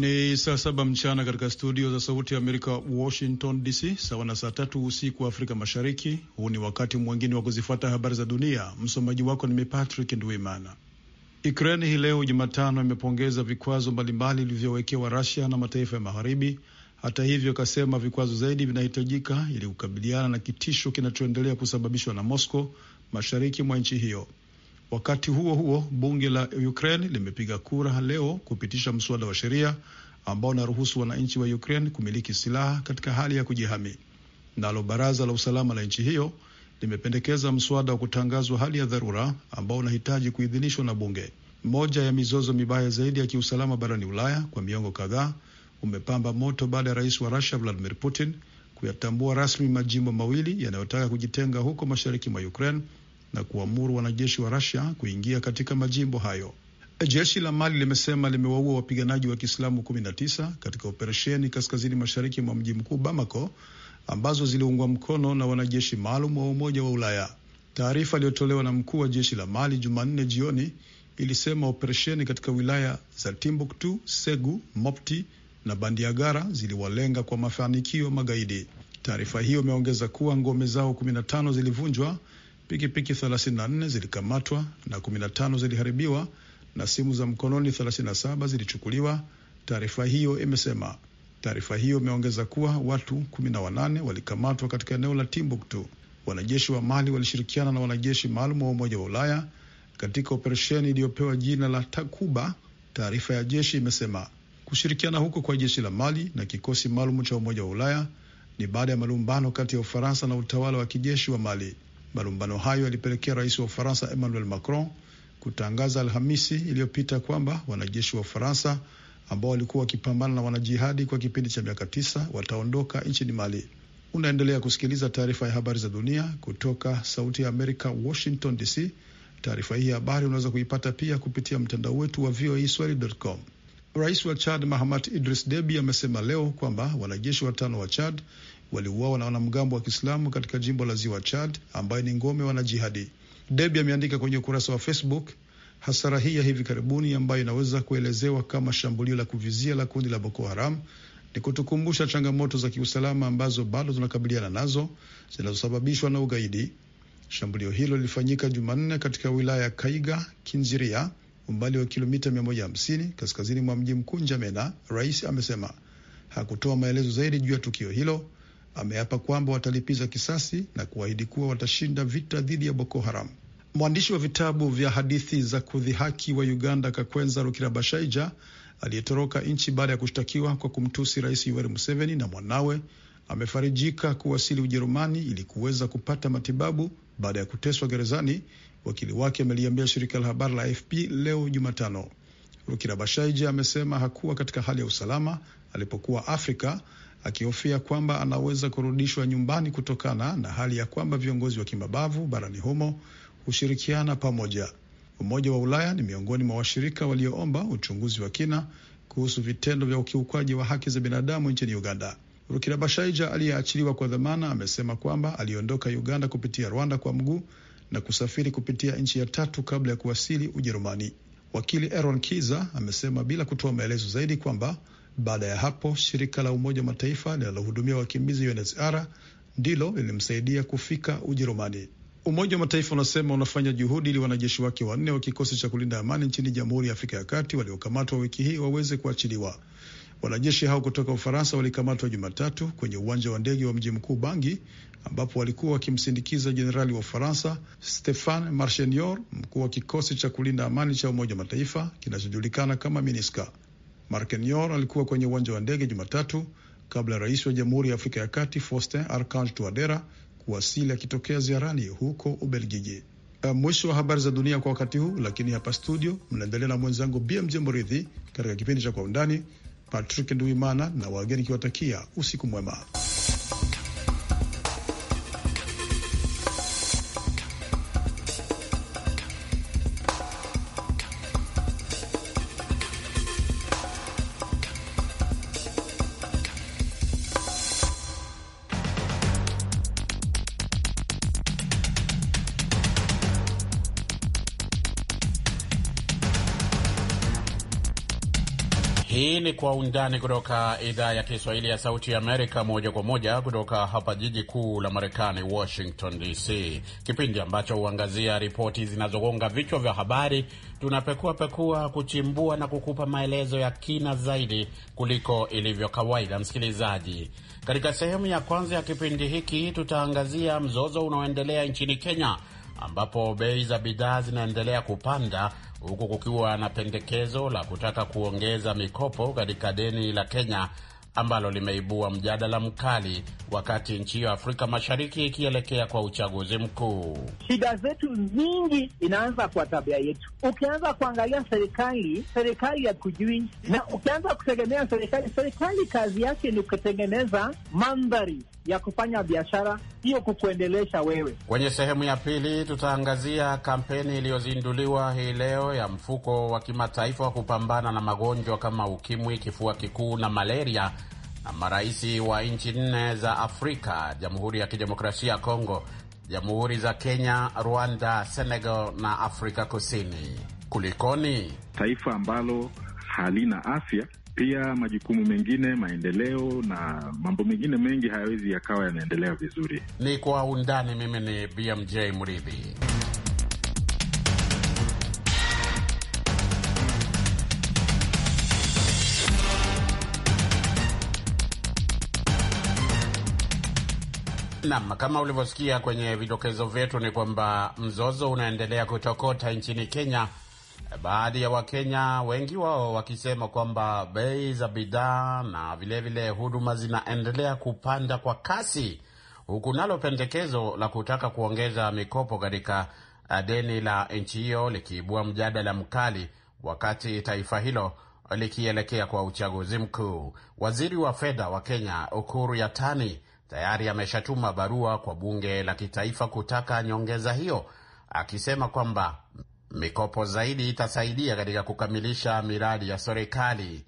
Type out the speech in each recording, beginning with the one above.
Ni saa saba mchana katika studio za Sauti ya Amerika, Washington DC, sawa na saa tatu usiku wa Afrika Mashariki. Huu ni wakati mwingine wa kuzifuata habari za dunia. Msomaji wako ni mimi Patrick Ndwimana. Ukraine hii leo Jumatano imepongeza vikwazo mbalimbali vilivyowekewa rasia na mataifa ya Magharibi. Hata hivyo, ikasema vikwazo zaidi vinahitajika ili kukabiliana na kitisho kinachoendelea kusababishwa na Moscow mashariki mwa nchi hiyo. Wakati huo huo, bunge la Ukraine limepiga kura leo kupitisha mswada wa sheria ambao unaruhusu wananchi wa Ukraine kumiliki silaha katika hali ya kujihami. Nalo baraza la usalama la nchi hiyo limependekeza mswada wa kutangazwa hali ya dharura ambao unahitaji kuidhinishwa na bunge. Moja ya mizozo mibaya zaidi ya kiusalama barani Ulaya kwa miongo kadhaa umepamba moto baada ya rais wa Russia Vladimir Putin kuyatambua rasmi majimbo mawili yanayotaka kujitenga huko mashariki mwa Ukraine na kuamuru wanajeshi wa Russia kuingia katika majimbo hayo. Jeshi la Mali limesema limewaua wapiganaji wa Kiislamu 19 katika operesheni kaskazini mashariki mwa mji mkuu Bamako ambazo ziliungwa mkono na wanajeshi maalum wa Umoja wa Ulaya. Taarifa iliyotolewa na mkuu wa jeshi la Mali Jumanne jioni ilisema operesheni katika wilaya za Timbuktu, Segu, Mopti na Bandiagara ziliwalenga kwa mafanikio magaidi. Taarifa hiyo imeongeza kuwa ngome zao 15 zilivunjwa pikipiki 34 zilikamatwa na 15 ziliharibiwa na simu za mkononi 37 zilichukuliwa, taarifa hiyo imesema. Taarifa hiyo imeongeza kuwa watu 18 walikamatwa katika eneo la Timbuktu. Wanajeshi wa Mali walishirikiana na wanajeshi maalum wa Umoja wa Ulaya katika operesheni iliyopewa jina la Takuba, taarifa ya jeshi imesema. Kushirikiana huko kwa jeshi la Mali na kikosi maalum cha Umoja wa Ulaya ni baada ya malumbano kati ya Ufaransa na utawala wa kijeshi wa Mali. Malumbano hayo yalipelekea rais wa Ufaransa Emmanuel Macron kutangaza Alhamisi iliyopita kwamba wanajeshi wa Ufaransa ambao walikuwa wakipambana na wanajihadi kwa kipindi cha miaka tisa wataondoka nchini Mali. Unaendelea kusikiliza taarifa ya habari za dunia kutoka Sauti ya Amerika, Washington DC. Taarifa hii ya habari unaweza kuipata pia kupitia mtandao wetu wa voaswahili.com. E rais wa Chad Mahamat Idris Deby amesema leo kwamba wanajeshi watano wa Chad waliuawa na wanamgambo wa Kiislamu katika jimbo la Ziwa Chad ambaye ni ngome wanajihadi. Debi ameandika kwenye ukurasa wa Facebook hasara hii ya hivi karibuni ambayo inaweza kuelezewa kama shambulio la kuvizia la kundi la Boko Haram ni kutukumbusha changamoto za kiusalama ambazo bado tunakabiliana nazo zinazosababishwa na ugaidi. Shambulio hilo lilifanyika Jumanne katika wilaya ya Kaiga Kinziria, umbali wa kilomita 150 kaskazini mwa mji mkuu Njamena. Rais amesema hakutoa maelezo zaidi juu ya tukio hilo ameapa kwamba watalipiza kisasi na kuahidi kuwa watashinda vita dhidi ya Boko Haram. Mwandishi wa vitabu vya hadithi za kudhihaki wa Uganda Kakwenza Rukirabashaija aliyetoroka nchi baada ya kushtakiwa kwa kumtusi Rais Yoweri Museveni na mwanawe amefarijika kuwasili Ujerumani ili kuweza kupata matibabu baada ya kuteswa gerezani. Wakili wake ameliambia shirika la habari la AFP leo Jumatano. Rukirabashaija amesema hakuwa katika hali ya usalama alipokuwa Afrika akihofia kwamba anaweza kurudishwa nyumbani kutokana na hali ya kwamba viongozi wa kimabavu barani humo hushirikiana pamoja. Umoja wa Ulaya ni miongoni mwa washirika walioomba uchunguzi wa kina kuhusu vitendo vya ukiukwaji wa haki za binadamu nchini Uganda. Rukirabashaija aliyeachiliwa kwa dhamana amesema kwamba aliondoka Uganda kupitia Rwanda kwa mguu na kusafiri kupitia nchi ya tatu kabla ya kuwasili Ujerumani. Wakili Aaron Kiza amesema bila kutoa maelezo zaidi kwamba baada ya hapo, shirika la Umoja Mataifa linalohudumia wakimbizi UNHCR ndilo lilimsaidia kufika Ujerumani. Umoja wa Mataifa unasema unafanya juhudi ili wanajeshi wake wanne wa kikosi cha kulinda amani nchini Jamhuri ya Afrika ya Kati waliokamatwa wiki hii waweze kuachiliwa. Wanajeshi hao kutoka Ufaransa walikamatwa Jumatatu kwenye uwanja wa ndege wa mji mkuu Bangi, ambapo walikuwa wakimsindikiza jenerali wa Ufaransa Stefan Marchenior, mkuu wa kikosi cha kulinda amani cha Umoja wa Mataifa kinachojulikana kama MINISCA. Markenyor alikuwa kwenye uwanja wa ndege Jumatatu kabla rais wa Jamhuri ya Afrika ya Kati Faustin Archange Touadera kuwasili akitokea ziarani huko Ubelgiji. Eh, mwisho wa habari za dunia kwa wakati huu, lakini hapa studio mnaendelea na mwenzangu BMJ Mridhi katika kipindi cha Kwa Undani. Patrick Nduimana na wageni kiwatakia usiku mwema. Kwa Undani kutoka idhaa ya Kiswahili ya Sauti Amerika, moja kwa moja kutoka hapa jiji kuu la Marekani, Washington DC, kipindi ambacho huangazia ripoti zinazogonga vichwa vya habari. Tunapekua pekua, kuchimbua na kukupa maelezo ya kina zaidi kuliko ilivyo kawaida. Msikilizaji, katika sehemu ya kwanza ya kipindi hiki tutaangazia mzozo unaoendelea nchini Kenya, ambapo bei za bidhaa zinaendelea kupanda huku kukiwa na pendekezo la kutaka kuongeza mikopo katika deni la Kenya ambalo limeibua mjadala mkali wakati nchi hiyo Afrika Mashariki ikielekea kwa uchaguzi mkuu. Shida zetu nyingi inaanza kwa tabia yetu. Ukianza kuangalia serikali, serikali ya kujui, na ukianza kutegemea serikali, serikali kazi yake ni kutengeneza mandhari ya kufanya biashara, hiyo kukuendelesha wewe. Kwenye sehemu ya pili, tutaangazia kampeni iliyozinduliwa hii leo ya mfuko wa kimataifa wa kupambana na magonjwa kama ukimwi, kifua kikuu na malaria na marais wa nchi nne za Afrika: Jamhuri ya Kidemokrasia ya Kongo, Jamhuri za Kenya, Rwanda, Senegal na Afrika Kusini. Kulikoni taifa ambalo halina afya pia majukumu mengine, maendeleo na mambo mengine mengi hayawezi yakawa yanaendelea vizuri. Ni kwa undani. Mimi ni BMJ Mridhi. Nam, kama ulivyosikia kwenye vidokezo vyetu, ni kwamba mzozo unaendelea kutokota nchini Kenya baadhi ya Wakenya, wengi wao wakisema kwamba bei za bidhaa na vilevile huduma zinaendelea kupanda kwa kasi, huku nalo pendekezo la kutaka kuongeza mikopo katika eh, deni la nchi hiyo likiibua mjadala mkali wakati taifa hilo likielekea kwa uchaguzi mkuu. Waziri wa fedha wa Kenya Ukuru Yatani tayari ameshatuma barua kwa bunge la kitaifa kutaka nyongeza hiyo, akisema kwamba Mikopo zaidi itasaidia katika kukamilisha miradi ya serikali,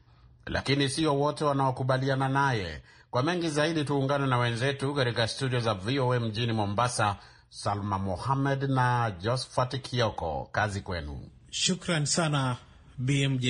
lakini sio wote wanaokubaliana naye. Kwa mengi zaidi, tuungane na wenzetu katika studio za VOA mjini Mombasa, Salma Mohamed na Josphat Kioko. Kazi kwenu. Shukran sana BMJ.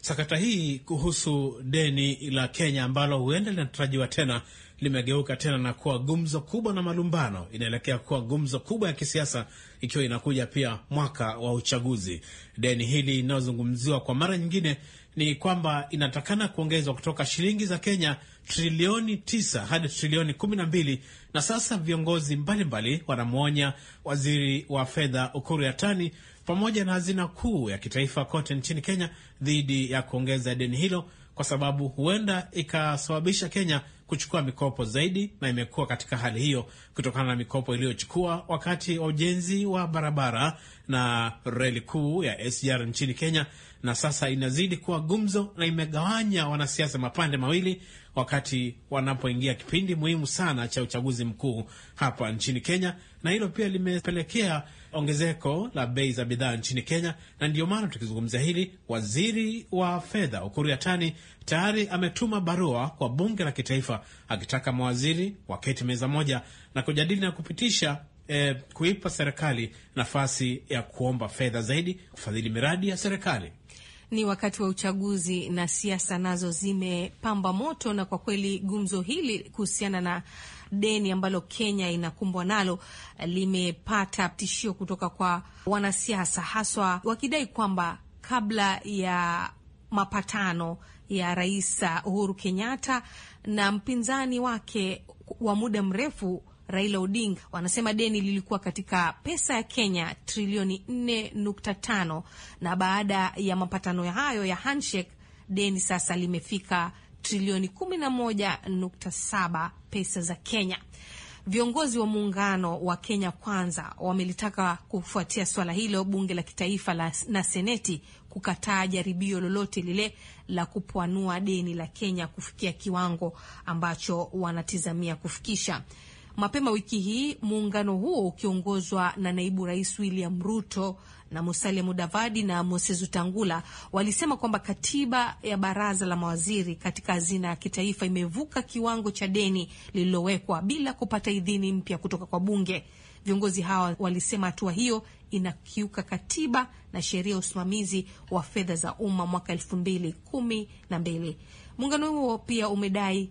Sakata hii kuhusu deni la Kenya ambalo huenda linatarajiwa tena limegeuka tena na kuwa gumzo kubwa na malumbano, inaelekea kuwa gumzo kubwa ya kisiasa ikiwa inakuja pia mwaka wa uchaguzi. Deni hili linalozungumziwa kwa mara nyingine ni kwamba inatakana kuongezwa kutoka shilingi za Kenya trilioni tisa hadi trilioni kumi na mbili na sasa viongozi mbalimbali wanamwonya waziri wa fedha Ukuru Yatani pamoja na hazina kuu ya kitaifa kote nchini Kenya dhidi ya kuongeza deni hilo, kwa sababu huenda ikasababisha Kenya kuchukua mikopo zaidi, na imekuwa katika hali hiyo kutokana na mikopo iliyochukua wakati wa ujenzi wa barabara na reli kuu ya SGR nchini Kenya, na sasa inazidi kuwa gumzo na imegawanya wanasiasa mapande mawili wakati wanapoingia kipindi muhimu sana cha uchaguzi mkuu hapa nchini Kenya na hilo pia limepelekea ongezeko la bei za bidhaa nchini Kenya, na ndiyo maana tukizungumzia hili, waziri wa fedha Ukur Yatani tayari ametuma barua kwa bunge la kitaifa akitaka mawaziri waketi meza moja na kujadili na kupitisha eh, kuipa serikali nafasi ya kuomba fedha zaidi kufadhili miradi ya serikali. Ni wakati wa uchaguzi na siasa nazo zimepamba moto, na kwa kweli gumzo hili kuhusiana na deni ambalo Kenya inakumbwa nalo eh, limepata tishio kutoka kwa wanasiasa, haswa wakidai kwamba kabla ya mapatano ya Rais eh, Uhuru Kenyatta na mpinzani wake wa muda mrefu Raila Odinga wanasema deni lilikuwa katika pesa ya Kenya trilioni 4.5 na baada ya mapatano hayo ya handshake deni sasa limefika trilioni 11.7 pesa za Kenya. Viongozi wa muungano wa Kenya Kwanza wamelitaka kufuatia swala hilo bunge la kitaifa la, na seneti kukataa jaribio lolote lile la kupwanua deni la Kenya kufikia kiwango ambacho wanatizamia kufikisha. Mapema wiki hii muungano huo ukiongozwa na naibu rais William Ruto na Musalia Mudavadi na Moses Utangula walisema kwamba katiba ya baraza la mawaziri katika hazina ya kitaifa imevuka kiwango cha deni lililowekwa bila kupata idhini mpya kutoka kwa bunge. Viongozi hawa walisema hatua hiyo inakiuka katiba na sheria ya usimamizi wa fedha za umma mwaka elfu mbili kumi na mbili. Muungano huo pia umedai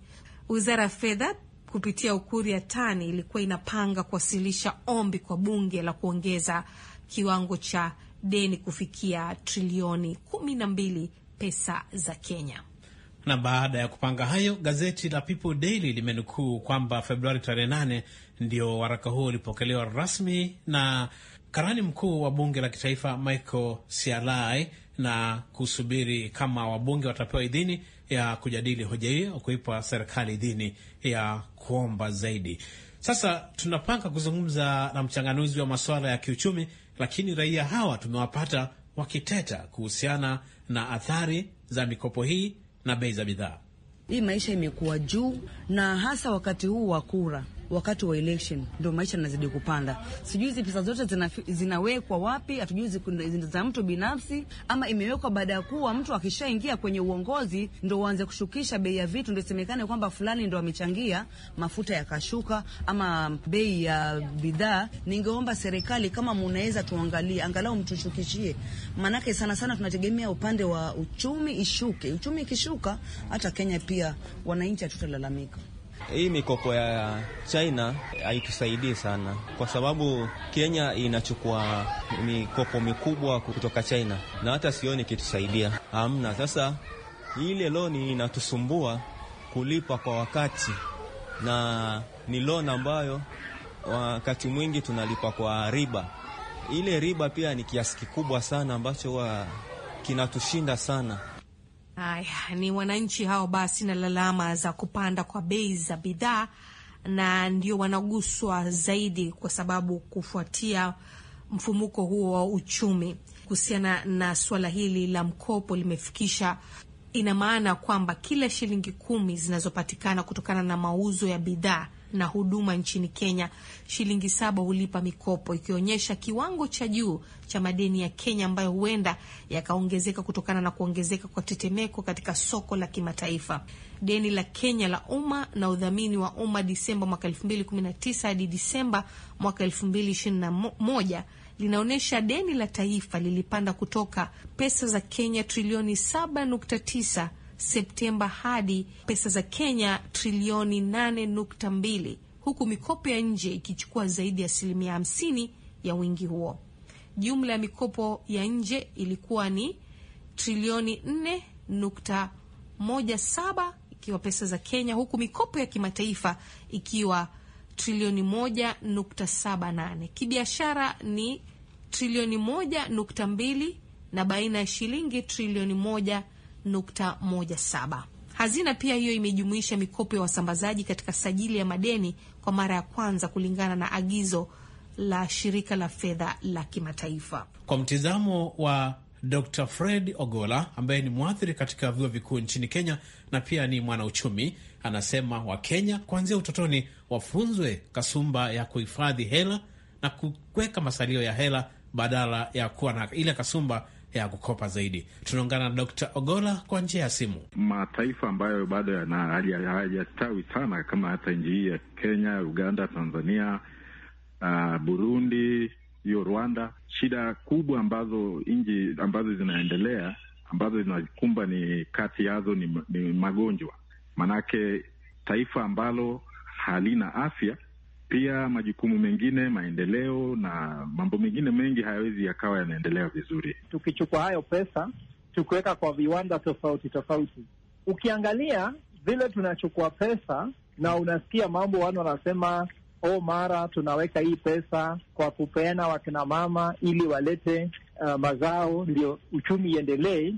wizara ya fedha kupitia Ukur Yatani ilikuwa inapanga kuwasilisha ombi kwa bunge la kuongeza kiwango cha deni kufikia trilioni kumi na mbili pesa za Kenya. Na baada ya kupanga hayo, gazeti la People Daily limenukuu kwamba Februari tarehe 8 ndio waraka huo ulipokelewa rasmi na karani mkuu wa bunge la kitaifa Michael Sialai na kusubiri kama wabunge watapewa idhini ya kujadili hoja hiyo, kuipa serikali idhini ya kuomba zaidi. Sasa tunapanga kuzungumza na mchanganuzi wa masuala ya kiuchumi lakini raia hawa tumewapata wakiteta kuhusiana na athari za mikopo hii na bei za bidhaa. Hii maisha imekuwa juu, na hasa wakati huu wa kura wakati wa election ndio maisha yanazidi kupanda. Sijui hizi pesa zote zina, zinawekwa wapi, hatujui za mtu binafsi ama imewekwa baada ya kuwa mtu akishaingia kwenye uongozi ndio uanze kushukisha bei ya vitu, ndio semekane kwamba fulani ndio amechangia mafuta yakashuka ama bei ya bidhaa. Ningeomba serikali kama mnaweza tuangalie, angalau mtushukishie, maanake sana sana tunategemea upande wa uchumi ishuke. Uchumi ikishuka, hata Kenya pia wananchi hatutalalamika. Hii mikopo ya China haitusaidii sana, kwa sababu Kenya inachukua mikopo mikubwa kutoka China na hata sioni kitusaidia, hamna. Sasa ile loni inatusumbua kulipa kwa wakati, na ni loni ambayo wakati mwingi tunalipa kwa riba. Ile riba pia ni kiasi kikubwa sana ambacho huwa kinatushinda sana. Aya, ni wananchi hao basi na lalama za kupanda kwa bei za bidhaa, na ndio wanaguswa zaidi kwa sababu kufuatia mfumuko huo wa uchumi. Kuhusiana na suala hili la mkopo, limefikisha ina maana kwamba kila shilingi kumi zinazopatikana kutokana na mauzo ya bidhaa na huduma nchini Kenya shilingi saba hulipa mikopo, ikionyesha kiwango cha juu cha madeni ya Kenya ambayo huenda yakaongezeka kutokana na kuongezeka kwa tetemeko katika soko la kimataifa. Deni la Kenya la umma na udhamini wa umma Disemba mwaka 2019 hadi Disemba mwaka 2021 linaonyesha deni la taifa lilipanda kutoka pesa za Kenya trilioni 7.9 Septemba hadi pesa za Kenya trilioni 8.2 huku mikopo ya nje ikichukua zaidi ya asilimia 50 ya wingi huo. Jumla ya mikopo ya nje ilikuwa ni trilioni 4.17 ikiwa pesa za Kenya, huku mikopo ya kimataifa ikiwa trilioni 1.78. Kibiashara ni trilioni 1.2 na baina ya shilingi trilioni moja 1.17. Hazina pia hiyo imejumuisha mikopo ya wasambazaji katika sajili ya madeni kwa mara ya kwanza kulingana na agizo la shirika la fedha la kimataifa. Kwa mtizamo wa Dr Fred Ogola ambaye ni mwathiri katika vyuo vikuu nchini Kenya na pia ni mwanauchumi, anasema Wakenya kuanzia utotoni wafunzwe kasumba ya kuhifadhi hela na kuweka masalio ya hela badala ya kuwa na ile kasumba ya kukopa zaidi. Tunaungana na Dr. Ogola kwa njia ya simu. Mataifa ambayo bado hayajastawi sana kama hata nchi hii ya Kenya, Uganda, Tanzania, uh, Burundi, hiyo Rwanda, shida kubwa ambazo nchi ambazo zinaendelea ambazo zinakumba ni kati yazo ni, ni magonjwa, manake taifa ambalo halina afya pia majukumu mengine, maendeleo na mambo mengine mengi hayawezi yakawa yanaendelea vizuri. Tukichukua hayo pesa tukiweka kwa viwanda tofauti tofauti, ukiangalia vile tunachukua pesa na unasikia mambo wanu wanasema o, oh, mara tunaweka hii pesa kwa kupeana wakina mama ili walete uh, mazao ndio uchumi iendelee.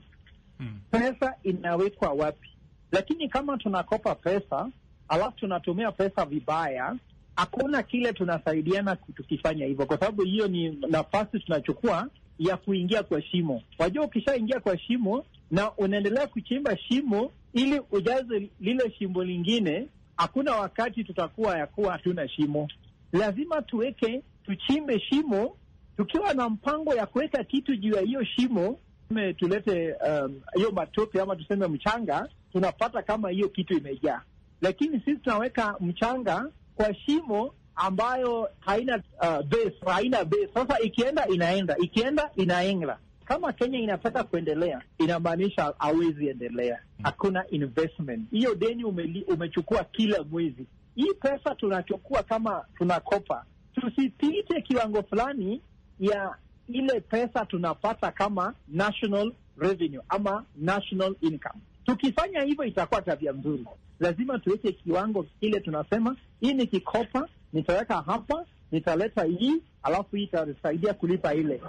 Hmm. Pesa inawekwa wapi? Lakini kama tunakopa pesa alafu tunatumia pesa vibaya, hakuna kile tunasaidiana tukifanya hivyo, kwa sababu hiyo ni nafasi tunachukua ya kuingia kwa shimo. Wajua, ukishaingia kwa shimo na unaendelea kuchimba shimo ili ujaze lile shimo lingine, hakuna wakati tutakuwa ya kuwa hatuna shimo. Lazima tuweke tuchimbe shimo tukiwa na mpango ya kuweka kitu juu ya hiyo shimo, tulete um, hiyo um, matope ama tuseme mchanga, tunapata kama hiyo kitu imejaa, lakini sisi tunaweka mchanga kwa shimo ambayo haina uh, base, haina base. Sasa ikienda inaenda, ikienda inaenga. Kama Kenya inataka kuendelea, inamaanisha hawezi endelea, hmm. hakuna investment. Hiyo deni umeli, umechukua kila mwezi. Hii pesa tunachukua kama tunakopa, tusipite kiwango fulani ya ile pesa tunapata kama national revenue ama national income. Tukifanya hivyo itakuwa tabia nzuri. Lazima tuweke kiwango kile, tunasema hii nikikopa, nitaweka hapa, nitaleta hii, alafu hii itasaidia kulipa ile.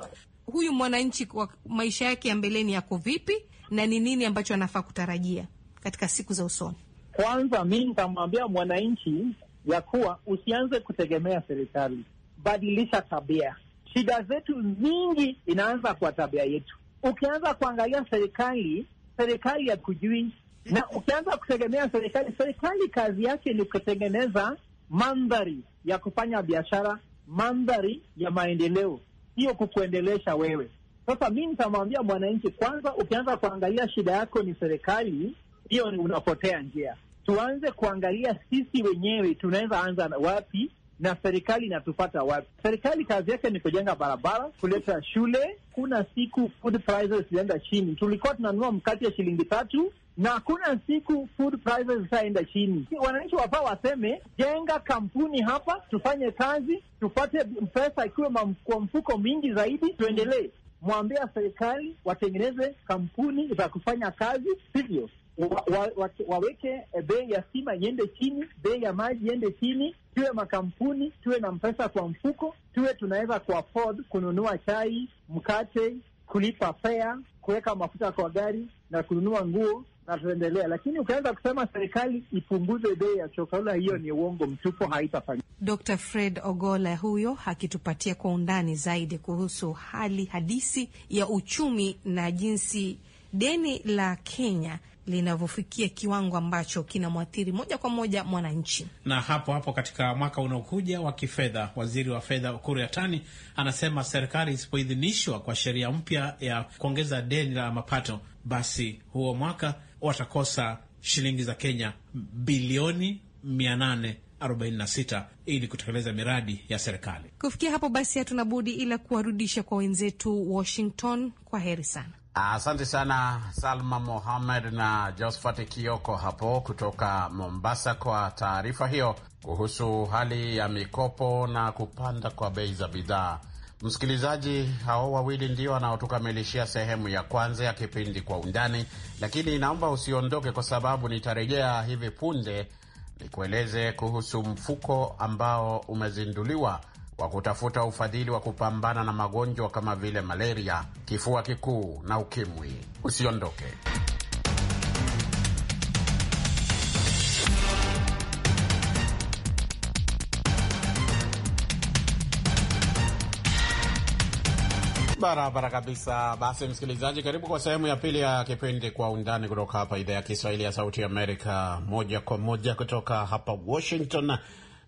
Huyu mwananchi kwa maisha yake ya mbeleni yako vipi, na ni nini ambacho anafaa kutarajia katika siku za usoni? Kwanza mi nitamwambia mwananchi ya kuwa usianze kutegemea serikali, badilisha tabia. Shida zetu nyingi inaanza kwa tabia yetu. Ukianza kuangalia serikali serikali ya kujui, na ukianza kutegemea serikali, serikali kazi yake ni kutengeneza mandhari ya kufanya biashara, mandhari ya maendeleo, sio kukuendelesha wewe. Sasa mi nitamwambia mwananchi kwanza, ukianza kuangalia shida yako ni serikali, hiyo unapotea njia. Tuanze kuangalia sisi wenyewe tunaweza anza wapi na serikali inatupata wapi? Serikali kazi yake ni kujenga barabara, kuleta shule. Kuna siku food prices zilienda chini, tulikuwa tunanunua mkate ya shilingi tatu na kuna siku food prices zitaenda chini. Wananchi wafaa waseme, jenga kampuni hapa, tufanye kazi, tupate pesa ikiwe kwa mfuko mingi zaidi, tuendelee. Mwambia serikali watengeneze kampuni za kufanya kazi, sivyo wa, wa, wa, waweke eh, bei ya sima iende chini, bei ya maji iende chini, tuwe makampuni tuwe na mpesa kwa mfuko, tuwe tunaweza ku kununua chai, mkate, kulipa fea kuweka mafuta kwa gari na kununua nguo na tuendelea. Lakini ukaweza kusema serikali ipunguze bei ya chokola, hiyo ni uongo mtupu, haitafanyika. Dr Fred Ogola huyo akitupatia kwa undani zaidi kuhusu hali hadisi ya uchumi na jinsi deni la Kenya linavyofikia kiwango ambacho kinamwathiri moja kwa moja mwananchi. Na hapo hapo katika mwaka unaokuja wa kifedha, waziri wa fedha Ukur Yatani anasema serikali isipoidhinishwa kwa sheria mpya ya kuongeza deni la mapato, basi huo mwaka watakosa shilingi za Kenya bilioni 8 ili kutekeleza miradi ya serikali. Kufikia hapo basi, hatuna budi ila kuwarudisha kwa wenzetu Washington. Kwa heri sana. Asante sana Salma Mohamed na Josphat Kioko hapo kutoka Mombasa kwa taarifa hiyo kuhusu hali ya mikopo na kupanda kwa bei za bidhaa. Msikilizaji, hao wawili ndio wanaotukamilishia sehemu ya kwanza ya kipindi Kwa Undani, lakini naomba usiondoke, kwa sababu nitarejea hivi punde nikueleze kuhusu mfuko ambao umezinduliwa wa kutafuta ufadhili wa kupambana na magonjwa kama vile malaria, kifua kikuu na ukimwi. Usiondoke. Barabara kabisa. Basi msikilizaji, karibu kwa sehemu ya pili ya kipindi Kwa Undani kutoka hapa idhaa ya Kiswahili ya Sauti Amerika, moja kwa moja kutoka hapa Washington.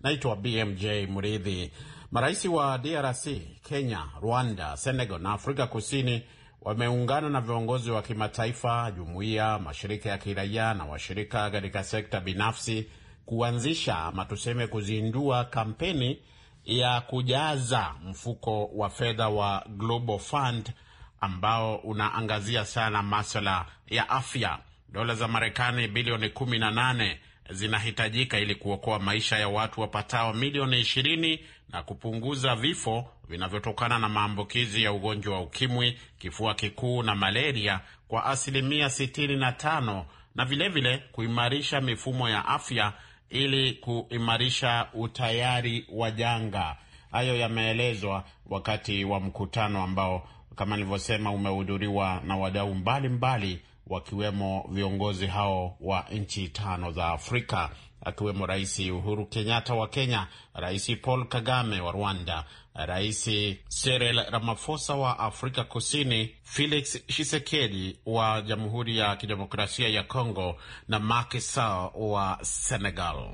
Naitwa BMJ Mridhi. Marais wa DRC, Kenya, Rwanda, Senegal na Afrika Kusini wameungana na viongozi wa kimataifa, jumuiya, mashirika ya kiraia na washirika katika sekta binafsi kuanzisha ama tuseme kuzindua kampeni ya kujaza mfuko wa fedha wa Global Fund ambao unaangazia sana maswala ya afya. Dola za Marekani bilioni 18 zinahitajika ili kuokoa maisha ya watu wapatao milioni ishirini na kupunguza vifo vinavyotokana na maambukizi ya ugonjwa wa ukimwi, kifua kikuu na malaria kwa asilimia 65 na vilevile vile kuimarisha mifumo ya afya ili kuimarisha utayari wa janga. Hayo yameelezwa wakati wa mkutano ambao, kama nilivyosema, umehudhuriwa na wadau mbalimbali wakiwemo viongozi hao wa nchi tano za Afrika akiwemo Rais Uhuru Kenyatta wa Kenya, Rais Paul Kagame wa Rwanda, Rais Cyril Ramaphosa wa Afrika Kusini, Felix Tshisekedi wa Jamhuri ya Kidemokrasia ya Kongo na Macky Sall wa Senegal.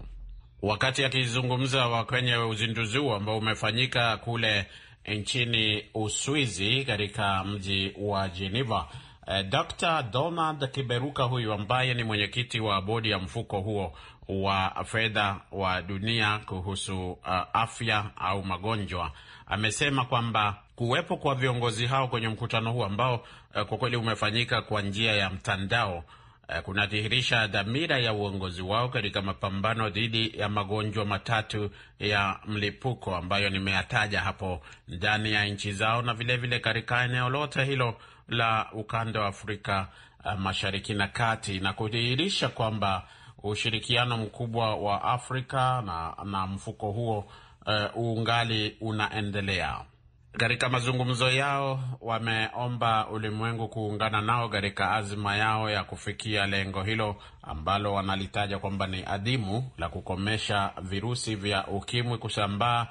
Wakati akizungumza kwenye uzinduzi huo ambao umefanyika kule nchini Uswizi katika mji wa Geneva, Eh, Dr. Donald Kiberuka huyu ambaye ni mwenyekiti wa bodi ya mfuko huo wa fedha wa dunia kuhusu uh, afya au magonjwa amesema kwamba kuwepo kwa viongozi hao kwenye mkutano huu ambao uh, kwa kweli umefanyika kwa njia ya mtandao uh, kunadhihirisha dhamira ya uongozi wao katika mapambano dhidi ya magonjwa matatu ya mlipuko ambayo nimeyataja hapo ndani ya nchi zao na vilevile katika eneo lote hilo la ukanda wa Afrika uh, Mashariki na Kati na kudhihirisha kwamba ushirikiano mkubwa wa Afrika na, na mfuko huo uh, uungali unaendelea. Katika mazungumzo yao wameomba ulimwengu kuungana nao katika azima yao ya kufikia lengo hilo ambalo wanalitaja kwamba ni adimu la kukomesha virusi vya ukimwi kusambaa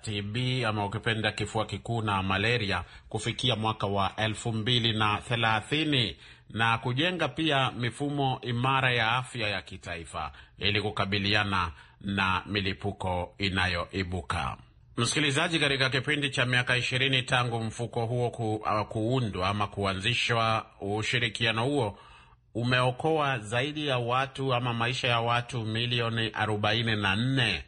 TB ama ukipenda kifua kikuu na malaria kufikia mwaka wa elfu mbili na thelathini na kujenga pia mifumo imara ya afya ya kitaifa ili kukabiliana na milipuko inayoibuka. Msikilizaji, katika kipindi cha miaka ishirini tangu mfuko huo ku, uh, kuundwa ama kuanzishwa, ushirikiano huo umeokoa zaidi ya watu ama maisha ya watu milioni arobaini na nne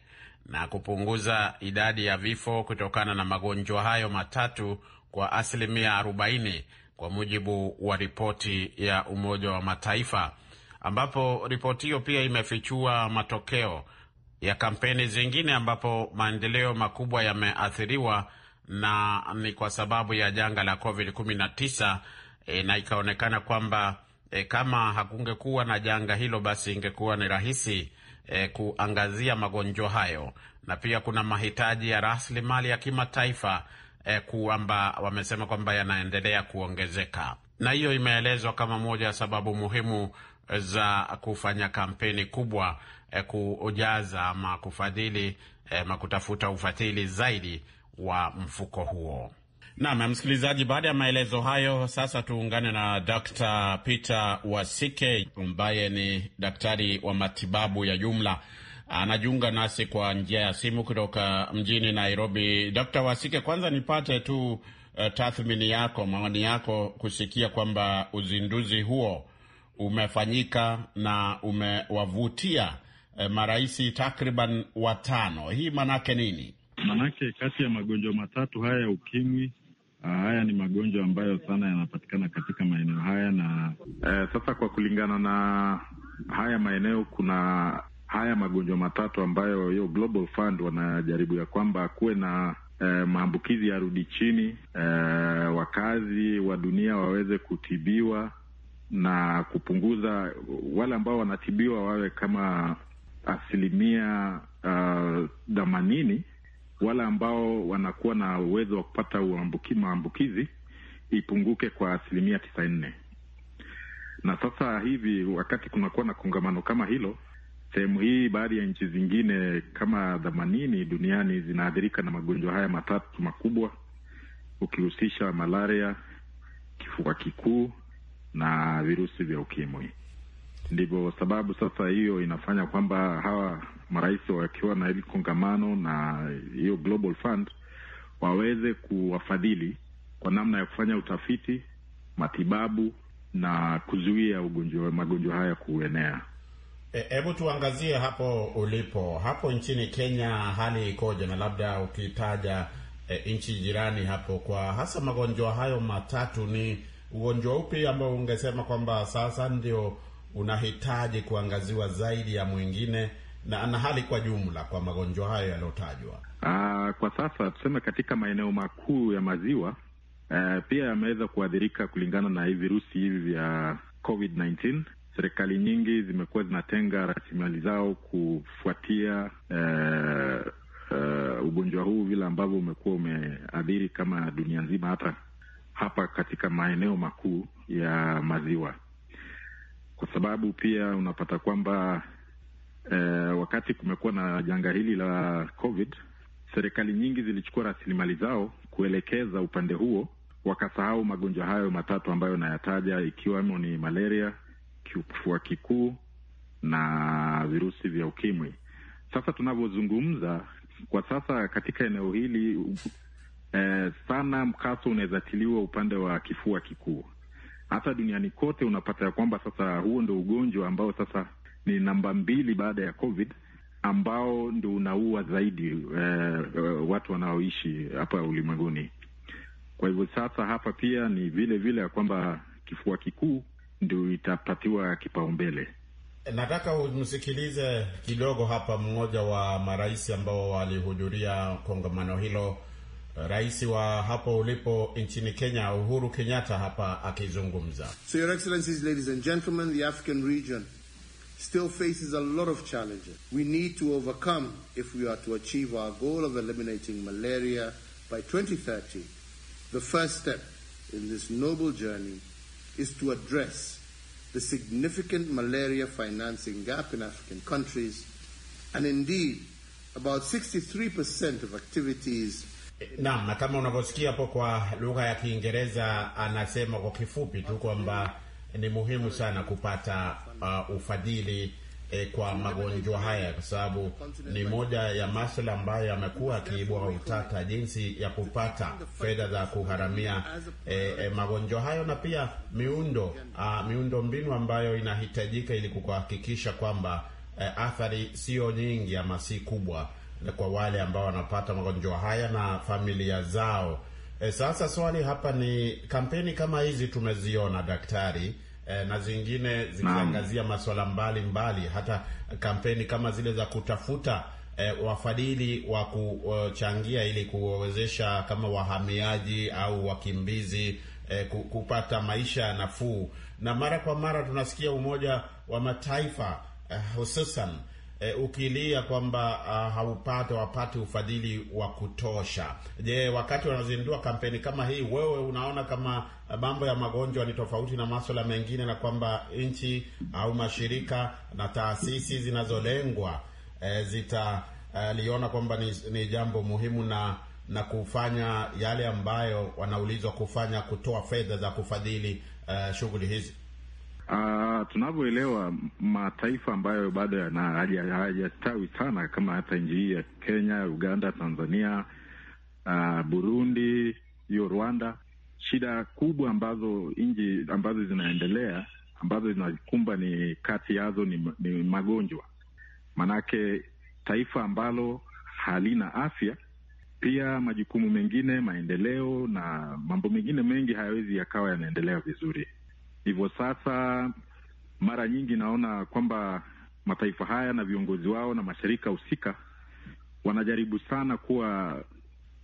na kupunguza idadi ya vifo kutokana na magonjwa hayo matatu kwa asilimia 40 kwa mujibu wa ripoti ya Umoja wa Mataifa, ambapo ripoti hiyo pia imefichua matokeo ya kampeni zingine ambapo maendeleo makubwa yameathiriwa na ni kwa sababu ya janga la COVID-19 e, na ikaonekana kwamba e, kama hakungekuwa na janga hilo basi ingekuwa ni rahisi e, kuangazia magonjwa hayo, na pia kuna mahitaji ya rasilimali ya kimataifa e, eh, kwamba wamesema kwamba yanaendelea kuongezeka, na hiyo imeelezwa kama moja ya sababu muhimu eh, za kufanya kampeni kubwa e, kujaza ama kufadhili eh, ama kutafuta ufadhili zaidi wa mfuko huo. Naam, msikilizaji, baada ya maelezo hayo, sasa tuungane na Dr. Peter Wasike ambaye ni daktari wa matibabu ya jumla anajiunga nasi kwa njia ya simu kutoka mjini Nairobi. Dr. Wasike, kwanza nipate tu uh, tathmini yako, maoni yako kusikia kwamba uzinduzi huo umefanyika na umewavutia uh, eh, maraisi takriban watano. Hii maanake nini? Manake kati ya magonjwa matatu haya ya ukimwi Ah, haya ni magonjwa ambayo sana yanapatikana katika maeneo haya na eh, sasa kwa kulingana na haya maeneo kuna haya magonjwa matatu ambayo hiyo Global Fund wanajaribu ya kwamba kuwe na eh, maambukizi yarudi chini, eh, wakazi wa dunia waweze kutibiwa na kupunguza wale ambao wanatibiwa wawe kama asilimia ah, themanini uh, wale ambao wanakuwa na uwezo wa kupata maambukizi ipunguke kwa asilimia tisa nne. Na sasa hivi wakati kunakuwa na kongamano kama hilo, sehemu hii, baadhi ya nchi zingine kama themanini duniani zinaathirika na magonjwa haya matatu makubwa, ukihusisha malaria, kifua kikuu na virusi vya ukimwi. Ndivyo sababu sasa hiyo inafanya kwamba hawa marais wakiwa na hili kongamano na hiyo Global Fund waweze kuwafadhili kwa namna ya kufanya utafiti, matibabu na kuzuia ugonjwa, magonjwa haya kuenea. E, hebu e, tuangazie hapo ulipo hapo nchini Kenya, hali ikoje? Na labda ukitaja e, nchi jirani hapo, kwa hasa magonjwa hayo matatu, ni ugonjwa upi ambao ungesema kwamba sasa ndio unahitaji kuangaziwa zaidi ya mwingine na, na hali kwa jumla kwa magonjwa hayo yaliyotajwa? Ah, kwa sasa tuseme katika maeneo makuu ya maziwa eh, pia yameweza kuathirika kulingana na hii virusi hivi vya COVID-19. Serikali nyingi zimekuwa zinatenga rasilimali zao kufuatia eh, Uh, ugonjwa huu vile ambavyo umekuwa umeadhiri kama dunia nzima, hata hapa katika maeneo makuu ya maziwa, kwa sababu pia unapata kwamba eh, wakati kumekuwa na janga hili la COVID, serikali nyingi zilichukua rasilimali zao kuelekeza upande huo, wakasahau magonjwa hayo matatu ambayo nayataja, ikiwemo ni malaria, kifua kikuu na virusi vya ukimwi. Sasa tunavyozungumza kwa sasa katika eneo hili eh, sana mkaso unawezatiliwa upande wa kifua kikuu. Hata duniani kote unapata ya kwamba sasa huo ndo ugonjwa ambao sasa ni namba mbili baada ya COVID ambao ndo unaua zaidi eh, eh, watu wanaoishi hapa ulimwenguni. Kwa hivyo sasa hapa pia ni vile vile ya kwamba kifua kikuu ndio itapatiwa kipaumbele. Nataka umsikilize kidogo hapa mmoja wa marais ambao walihudhuria kongamano hilo, rais wa hapo ulipo nchini Kenya, Uhuru Kenyatta hapa akizungumza. So your excellencies, ladies and gentlemen, the African region still faces a lot of challenges we need to overcome if we are to achieve our goal of eliminating malaria by 2030. The first step in this noble journey is to address the significant malaria financing gap in African countries, and indeed, about 63% of activities Naam, na kama unavyosikia hapo kwa lugha ya Kiingereza, anasema kwa kifupi tu kwamba ni muhimu sana kupata uh, ufadhili eh, kwa magonjwa haya, kwa sababu ni moja ya masuala ambayo yamekuwa yakiibua utata, jinsi ya kupata fedha za kuharamia eh, eh, magonjwa hayo na pia miundo uh, miundo mbinu ambayo inahitajika ili kuhakikisha kwamba eh, athari sio nyingi ama si kubwa kwa wale ambao wanapata magonjwa haya na familia zao. E, sasa swali hapa ni kampeni kama hizi tumeziona daktari, eh, na zingine zikiangazia masuala mbalimbali, hata kampeni kama zile za kutafuta eh, wafadhili wa kuchangia ili kuwawezesha kama wahamiaji au wakimbizi eh, kupata maisha nafuu. Na mara kwa mara tunasikia Umoja wa Mataifa eh, hususan e, ukilia kwamba uh, haupate wapati ufadhili wa kutosha. Je, wakati wanazindua kampeni kama hii, wewe unaona kama ah, mambo ya magonjwa ni tofauti na masuala mengine, na kwamba nchi au mashirika na taasisi zinazolengwa e, eh, zitaliona eh, uh, kwamba ni, ni jambo muhimu na na kufanya yale ambayo wanaulizwa kufanya, kutoa fedha za kufadhili uh, shughuli hizi? Uh, tunavyoelewa mataifa ambayo bado hayajastawi sana kama hata nchi hii ya Kenya, Uganda, Tanzania, uh, Burundi, hiyo Rwanda, shida kubwa ambazo nchi ambazo zinaendelea ambazo zinakumba ni kati yazo ni, ni magonjwa. Manake taifa ambalo halina afya pia majukumu mengine, maendeleo na mambo mengine mengi hayawezi yakawa yanaendelea vizuri. Hivyo sasa, mara nyingi naona kwamba mataifa haya na viongozi wao na mashirika husika wanajaribu sana kuwa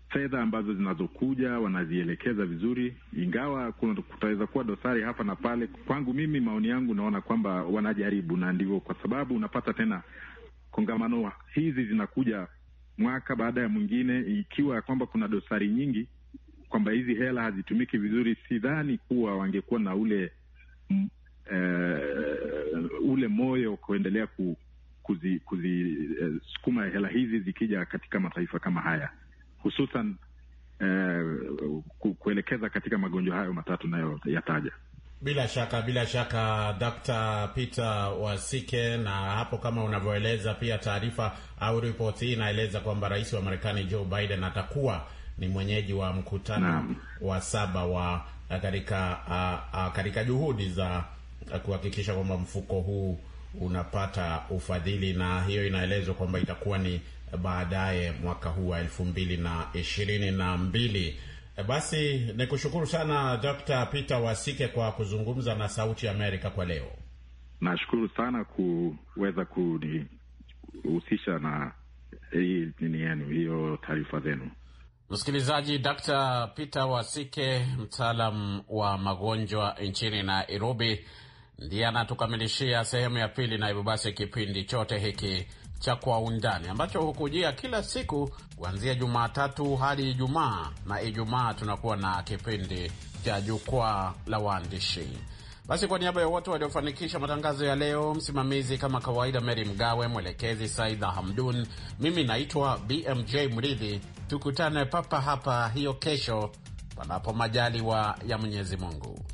fedha ambazo zinazokuja wanazielekeza vizuri, ingawa kutaweza kuwa dosari hapa na pale. Kwangu mimi, maoni yangu, naona kwamba wanajaribu, na ndivyo kwa sababu unapata tena kongamano hizi zinakuja mwaka baada ya mwingine, ikiwa kwamba kuna dosari nyingi kwamba hizi hela hazitumiki vizuri, sidhani kuwa wangekuwa na ule uh, ule moyo kuendelea ku, kuzisukuma kuzi, uh, hela hizi zikija katika mataifa kama haya hususan uh, kuelekeza katika magonjwa hayo matatu nayoyataja. Bila shaka bila shaka, Dr. Peter Wasike. Na hapo kama unavyoeleza pia, taarifa au ripoti hii inaeleza kwamba rais wa Marekani Joe Biden atakuwa ni mwenyeji wa mkutano wa saba wa eh, katika eh, eh, katika juhudi za kuhakikisha kwamba mfuko huu unapata ufadhili, na hiyo inaelezwa kwamba itakuwa ni baadaye mwaka huu wa elfu mbili na ishirini na mbili. Basi ni kushukuru sana Dr. Peter Wasike kwa kuzungumza na Sauti Amerika kwa leo. Nashukuru sana kuweza kunihusisha na hii nini yenu hiyo taarifa zenu. Msikilizaji, Dr. Peter Wasike, mtaalam wa magonjwa nchini Nairobi, ndiye anatukamilishia sehemu ya pili, na hivyo basi kipindi chote hiki cha Kwa Undani ambacho hukujia kila siku kuanzia Jumatatu hadi Ijumaa, na Ijumaa tunakuwa na kipindi cha Jukwaa la Waandishi. Basi kwa niaba ya wote waliofanikisha matangazo ya leo, msimamizi kama kawaida Meri Mgawe, mwelekezi Saida Hamdun, mimi naitwa BMJ Mridhi Tukutane papa hapa hiyo kesho, panapo majaliwa ya Mwenyezi Mungu.